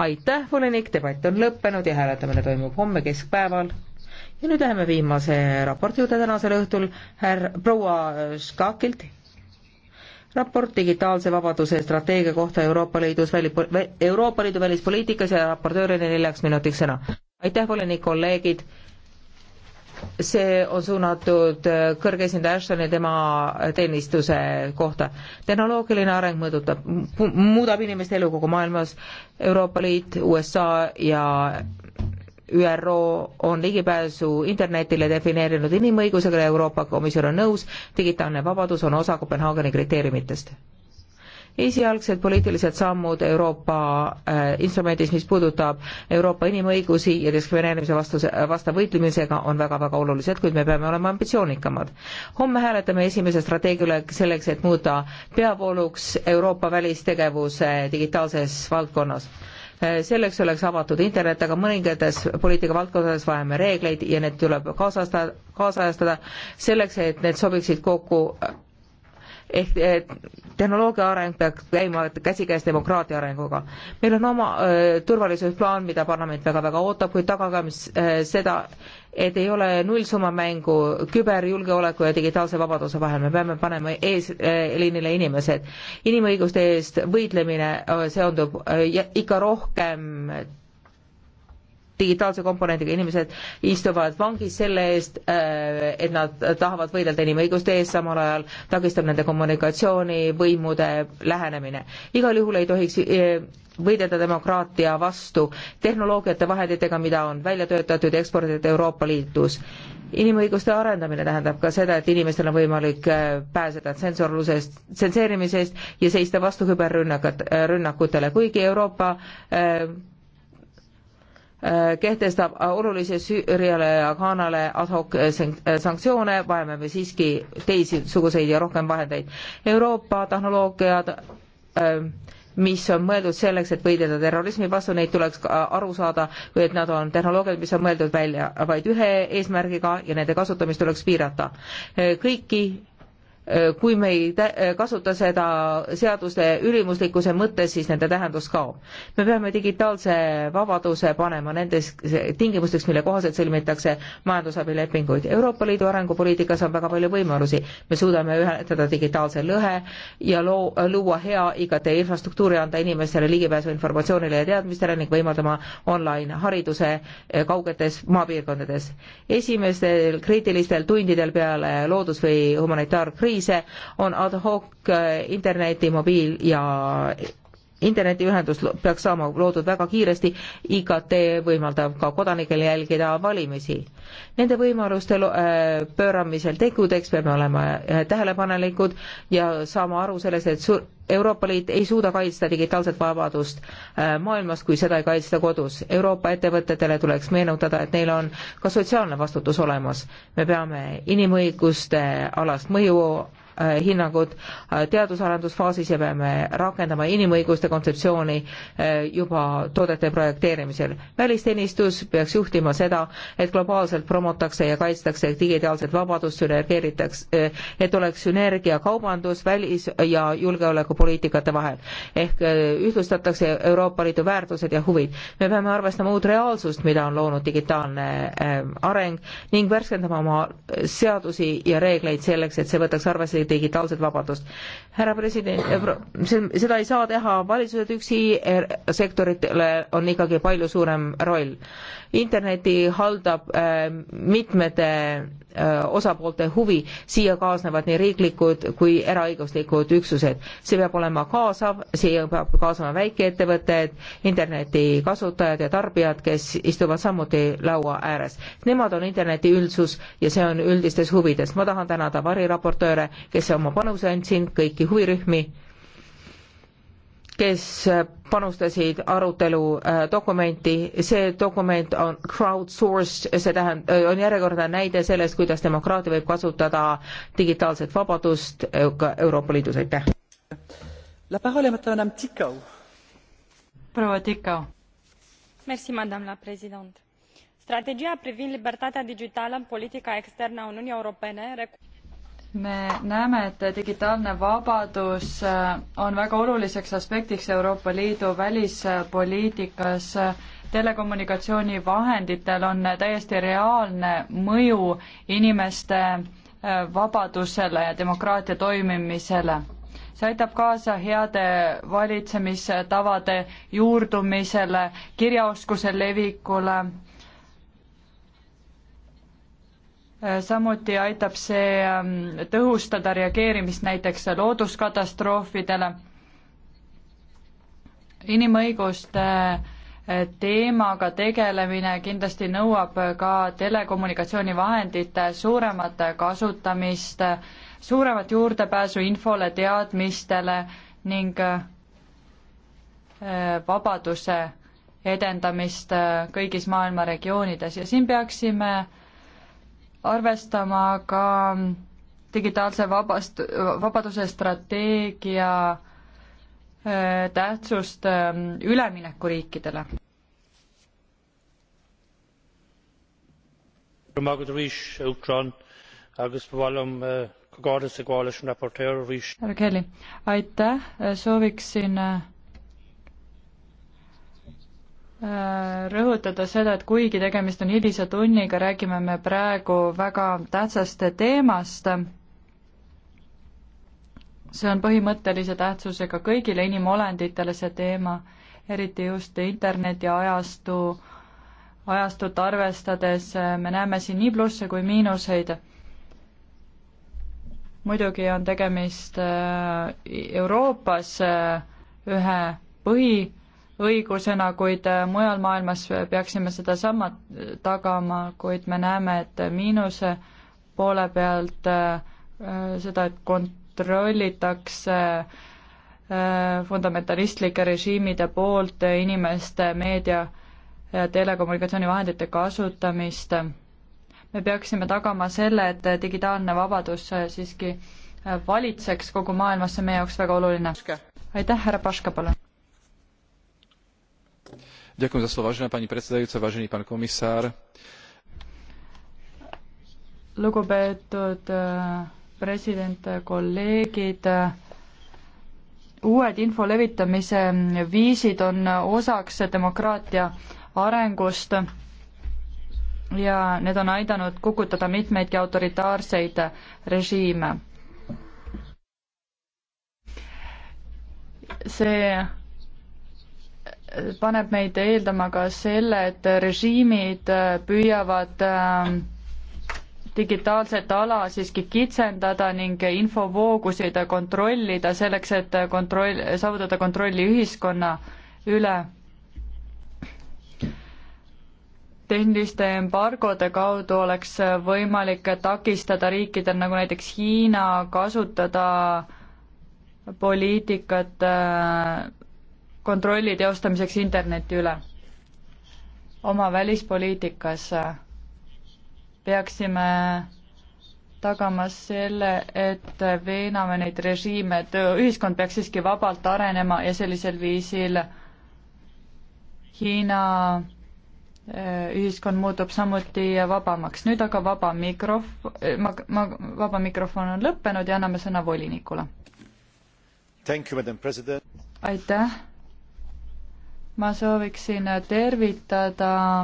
aitäh, volinik, debatt on lõppenud ja hääletamine toimub homme keskpäeval. ja nüüd läheme viimase raporti juurde tänasel õhtul, härra, proua Škakilt. raport digitaalse vabaduse strateegia kohta Euroopa Liidus väli, Euroopa Liidu välispoliitikas ja raportöörile neljaks minutiks sõna. aitäh, volinik, kolleegid see on suunatud äh, kõrge esindaja Ashtoni tema teenistuse kohta. tehnoloogiline areng mõõdutab, muudab inimeste elu kogu maailmas, Euroopa Liit, USA ja ÜRO on ligipääsu internetile defineerinud inimõigusega ja Euroopa Komisjon on nõus, digitaalne vabadus on osa Kopenhaageni kriteeriumitest esialgsed poliitilised sammud Euroopa äh, instrumendis, mis puudutab Euroopa inimõigusi ja diskrimineerimise vastuse, vastu võitlemisega, on väga-väga olulised, kuid me peame olema ambitsioonikamad. homme hääletame esimese strateegia üle selleks, et muuta peavooluks Euroopa välistegevuse digitaalses valdkonnas äh, selleks oleks avatud internet, aga mõningates poliitikavaldkondades vajame reegleid ja need tuleb kaasajastada, kaasajastada selleks, et need sobiksid kokku ehk tehnoloogia areng peaks käima käsikäes demokraatia arenguga. meil on oma öö, äh, turvalisusplaan, mida parlament väga-väga ootab, kuid tagage äh, seda, et ei ole nullsummamängu küberjulgeoleku ja digitaalse vabaduse vahel, me peame panema eesliinile äh, inimesed. inimõiguste eest võitlemine seondub ikka rohkem digitaalse komponendiga inimesed istuvad vangis selle eest, äh, et nad tahavad võidelda inimõiguste eest, samal ajal takistab nende kommunikatsiooni võimude lähenemine. igal juhul ei tohiks äh, võidelda demokraatia vastu tehnoloogiate, vahenditega, mida on välja töötatud ja eksporditud Euroopa Liidus. inimõiguste arendamine tähendab ka seda, et inimestel on võimalik äh, pääseda tsensorlusest, tsenseerimisest ja seista vastu küberrünnakat-, rünnakutele, kuigi Euroopa äh, Äh, kehtestab äh, olulise Süüriale ja Ghanale ad hoc äh, sanktsioone, vajame me siiski teisisuguseid ja rohkem vahendeid. Euroopa tehnoloogiad mis on mõeldud selleks, et võidelda terrorismi vastu, neid tuleks aru saada, või et nad on tehnoloogiad, mis on mõeldud välja vaid ühe eesmärgiga ja nende kasutamist tuleks piirata. kõiki Äh, kui me ei äh, kasuta seda seaduste ülimuslikkuse mõttes, siis nende tähendus kaob. me peame digitaalse vabaduse panema nendes tingimusteks, mille kohaselt sõlmitakse majandusabilepinguid. Euroopa Liidu arengupoliitikas on väga palju võimalusi. me suudame ühendada digitaalse lõhe ja loo, luua hea IKT infrastruktuuri, anda inimestele ligipääsu informatsioonile ja teadmistele ning võimaldama online hariduse äh, kaugetes maapiirkondades. esimestel kriitilistel tundidel peale loodus- või humanitaarkriisi kriise, on ad hoc äh, interneti, mobiil- ja internetiühendus peaks saama loodud väga kiiresti, IKT võimaldab ka kodanikel jälgida valimisi. Nende võimaluste äh, pööramisel tegudeks peame olema äh, tähelepanelikud ja saama aru selles, et sur-, Euroopa Liit ei suuda kaitsta digitaalset vabadust äh, maailmas, kui seda ei kaitsta kodus. Euroopa ettevõtetele tuleks meenutada, et neil on ka sotsiaalne vastutus olemas. me peame inimõiguste alast mõju Äh, hinnangud äh, teadus-arendusfaasis ja peame rakendama inimõiguste kontseptsiooni äh, juba toodete projekteerimisel. välisteenistus peaks juhtima seda, et globaalselt promotakse ja kaitstakse digitaalset vabadust, sünergeeritakse, et oleks sünergia kaubandus, välis- ja julgeolekupoliitikate vahel. ehk ühtlustatakse Euroopa Liidu väärtused ja huvid. me peame arvestama uut reaalsust, mida on loonud digitaalne areng ning värskendama oma seadusi ja reegleid selleks, et see võtaks arvesse digitaalset vabadust. härra president, eh, seda ei saa teha valitsused üksi, er-, sektoritele on ikkagi palju suurem roll. interneti haldab eh, mitmete eh, osapoolte huvi, siia kaasnevad nii riiklikud kui eraõiguslikud üksused. see peab olema kaasav, siia peab kaasama väikeettevõtted, interneti kasutajad ja tarbijad, kes istuvad samuti laua ääres. Nemad on interneti üldsus ja see on üldistes huvides. ma tahan tänada variraportööre, kes oma panuse andsid, kõiki huvirühmi, kes panustasid arutelu äh, dokumenti, see dokument on crowdsourced, see tähendab, äh, on järjekordne näide sellest, kuidas demokraatia võib kasutada digitaalset vabadust äh, ka Euroopa Liidus, aitäh. proua Tikau. Mersi, madame la president strategia privind libertatea digitală în politica externă a uniunii europene recunoaște me näeme, et digitaalne vabadus äh, on väga oluliseks aspektiks Euroopa Liidu välispoliitikas. telekommunikatsioonivahenditel on täiesti reaalne mõju inimeste äh, vabadusele ja demokraatia toimimisele. see aitab kaasa heade valitsemistavade juurdumisele, kirjaoskuse levikule samuti aitab see ähm, tõhustada reageerimist näiteks looduskatastroofidele. inimõiguste äh, teemaga tegelemine kindlasti nõuab ka telekommunikatsioonivahendite suuremat kasutamist, suuremat juurdepääsu infole, teadmistele ning äh, vabaduse edendamist äh, kõigis maailma regioonides ja siin peaksime äh, arvestama ka digitaalse vabast, vabaduse strateegia äh, tähtsust ähm, üleminekuriikidele. Äh, härra Kelly, aitäh, äh, sooviksin Äh, rõhutada seda, et kuigi tegemist on hilise tunniga, räägime me praegu väga tähtsast teemast. see on põhimõttelise tähtsusega kõigile inimolenditele, see teema, eriti just internetiajastu, ajastut arvestades me näeme siin nii plusse kui miinuseid muidugi on tegemist äh, Euroopas äh, ühe põhi õigusena, kuid äh, mujal maailmas peaksime sedasama tagama, kuid me näeme, et miinuse poole pealt äh, seda, et kontrollitakse äh, fundamentalistlike režiimide poolt inimeste meedia ja telekommunikatsioonivahendite kasutamist. me peaksime tagama selle, et digitaalne vabadus siiski valitseks kogu maailmas, see on meie jaoks väga oluline. aitäh, härra Paška, palun! lugupeetud äh, president, äh, kolleegid, äh, uued info levitamise viisid on osaks demokraatia arengust ja need on aidanud kukutada mitmeidki autoritaarseid režiime. see paneb meid eeldama ka selle, et režiimid püüavad ähm, digitaalset ala siiski kitsendada ning infovoogusid kontrollida selleks, et kontroll, saavutada kontrolli ühiskonna üle. tehniliste embargode kaudu oleks võimalik takistada riikidel, nagu näiteks Hiina, kasutada poliitikat äh, kontrolli teostamiseks interneti üle. oma välispoliitikas äh, peaksime tagama selle, et veename neid režiime, et ühiskond peaks siiski vabalt arenema ja sellisel viisil Hiina äh, ühiskond muutub samuti vabamaks. nüüd aga vaba mikrof-, äh, ma, ma, vaba mikrofon on lõppenud ja anname sõna volinikule. aitäh ma sooviksin tervitada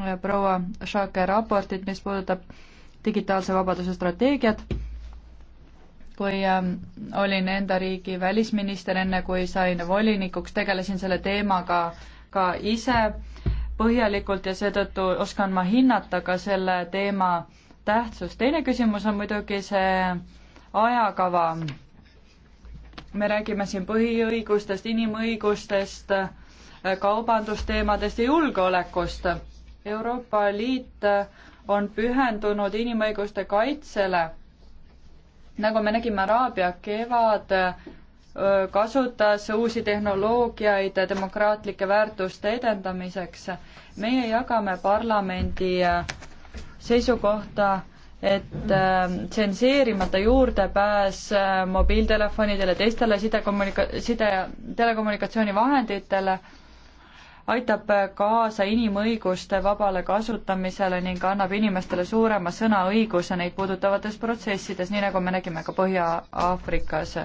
äh, proua Šake raportit, mis puudutab digitaalse vabaduse strateegiat. kui ähm, olin enda riigi välisminister, enne kui sain volinikuks, tegelesin selle teemaga ka ise põhjalikult ja seetõttu oskan ma hinnata ka selle teema tähtsust. teine küsimus on muidugi see ajakava me räägime siin põhiõigustest, inimõigustest, kaubandusteemadest ja julgeolekust. Euroopa Liit on pühendunud inimõiguste kaitsele. nagu me nägime, Araabia kevad kasutas uusi tehnoloogiaid demokraatlike väärtuste edendamiseks. meie jagame parlamendi seisukohta et äh, tsenseerimata juurdepääs äh, mobiiltelefonidele, teistele sidekommunika-, side, telekommunikatsioonivahenditele aitab äh, kaasa inimõiguste vabale kasutamisele ning annab inimestele suurema sõnaõiguse neid puudutavates protsessides, nii nagu me nägime ka Põhja-Aafrikas.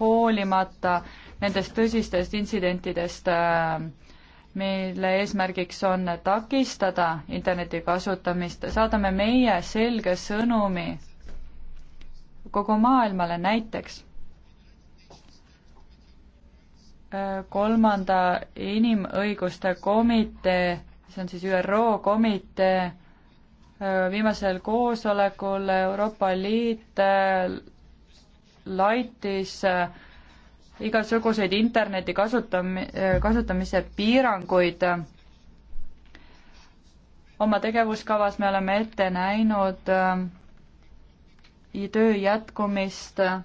hoolimata nendest tõsistest intsidentidest äh, mille eesmärgiks on takistada interneti kasutamist, saadame meie selge sõnumi kogu maailmale näiteks kolmanda inimõiguste komitee, see on siis ÜRO komitee, viimasel koosolekul Euroopa Liit laitis äh, igasuguseid interneti kasutam-, kasutamise piiranguid. oma tegevuskavas me oleme ette näinud äh, töö jätkumist äh,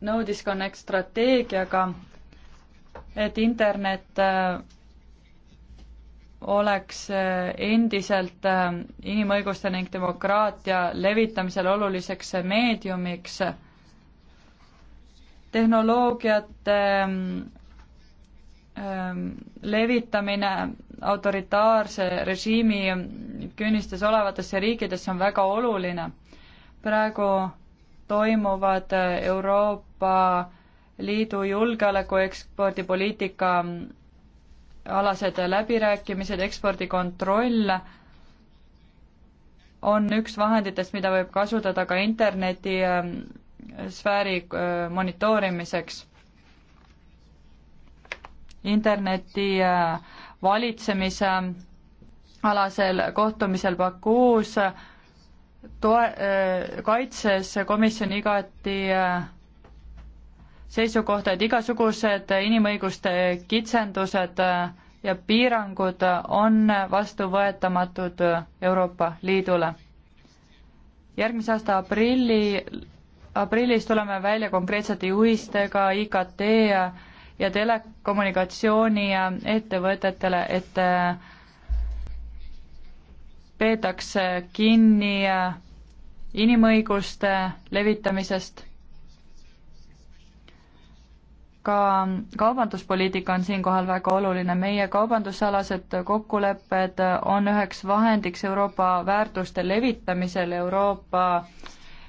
no disconnect strateegiaga, et internet äh, oleks äh, endiselt äh, inimõiguste ning demokraatia levitamisel oluliseks meediumiks. tehnoloogiate ähm, ähm, levitamine autoritaarse režiimi künnistes olevatesse riikidesse on väga oluline. praegu toimuvad äh, Euroopa Liidu julgeoleku ekspordipoliitika alased läbirääkimised, ekspordikontroll on üks vahenditest, mida võib kasutada ka interneti ähm, sfääri äh, monitoorimiseks. interneti äh, valitsemise äh, alasel kohtumisel Bakuus toe-, kaitses komisjon igati äh, seisukohta, et igasugused inimõiguste kitsendused äh, ja piirangud on vastuvõetamatud Euroopa Liidule. järgmise aasta aprilli, aprillis tuleme välja konkreetsete juhistega IKT ja, ja telekommunikatsiooni ettevõtetele, et peetakse kinni äh, inimõiguste levitamisest ka kaubanduspoliitika on siinkohal väga oluline, meie kaubandusalased kokkulepped on üheks vahendiks Euroopa väärtuste levitamisel, Euroopa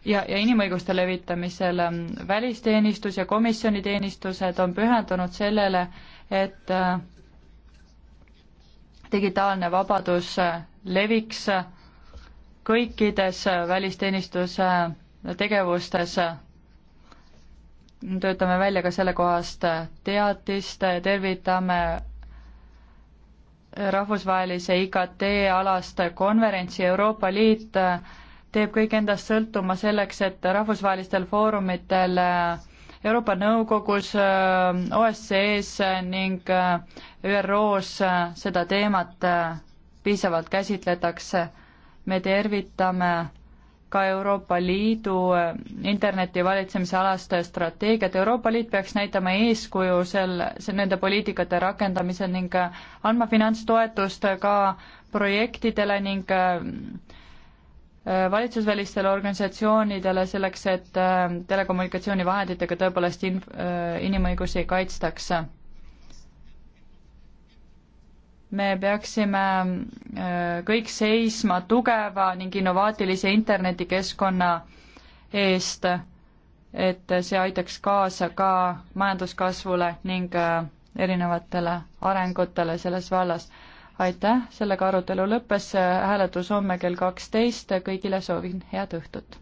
ja, ja inimõiguste levitamisel. välisteenistus ja komisjoni teenistused on pühendunud sellele, et digitaalne vabadus leviks kõikides välisteenistuse tegevustes töötame välja ka sellekohast teatist, tervitame rahvusvahelise IKT alast konverentsi Euroopa Liit teeb kõik endast sõltuma selleks, et rahvusvahelistel foorumitel Euroopa Nõukogus, OSCE-s ning ÜRO-s seda teemat piisavalt käsitletakse. me tervitame ka Euroopa Liidu eh, interneti valitsemise alast strateegiat. Euroopa Liit peaks näitama eeskuju sel, nende poliitikate rakendamisel ning eh, andma finantstoetust ka projektidele ning eh, valitsusvälistele organisatsioonidele selleks, et telekommunikatsioonivahenditega tõepoolest inf-, inimõigusi kaitstakse me peaksime äh, kõik seisma tugeva ning innovaatilise internetikeskkonna eest, et see aitaks kaasa ka majanduskasvule ning äh, erinevatele arengutele selles vallas. aitäh, sellega arutelu lõppes, hääletus homme kell kaksteist, kõigile soovin head õhtut!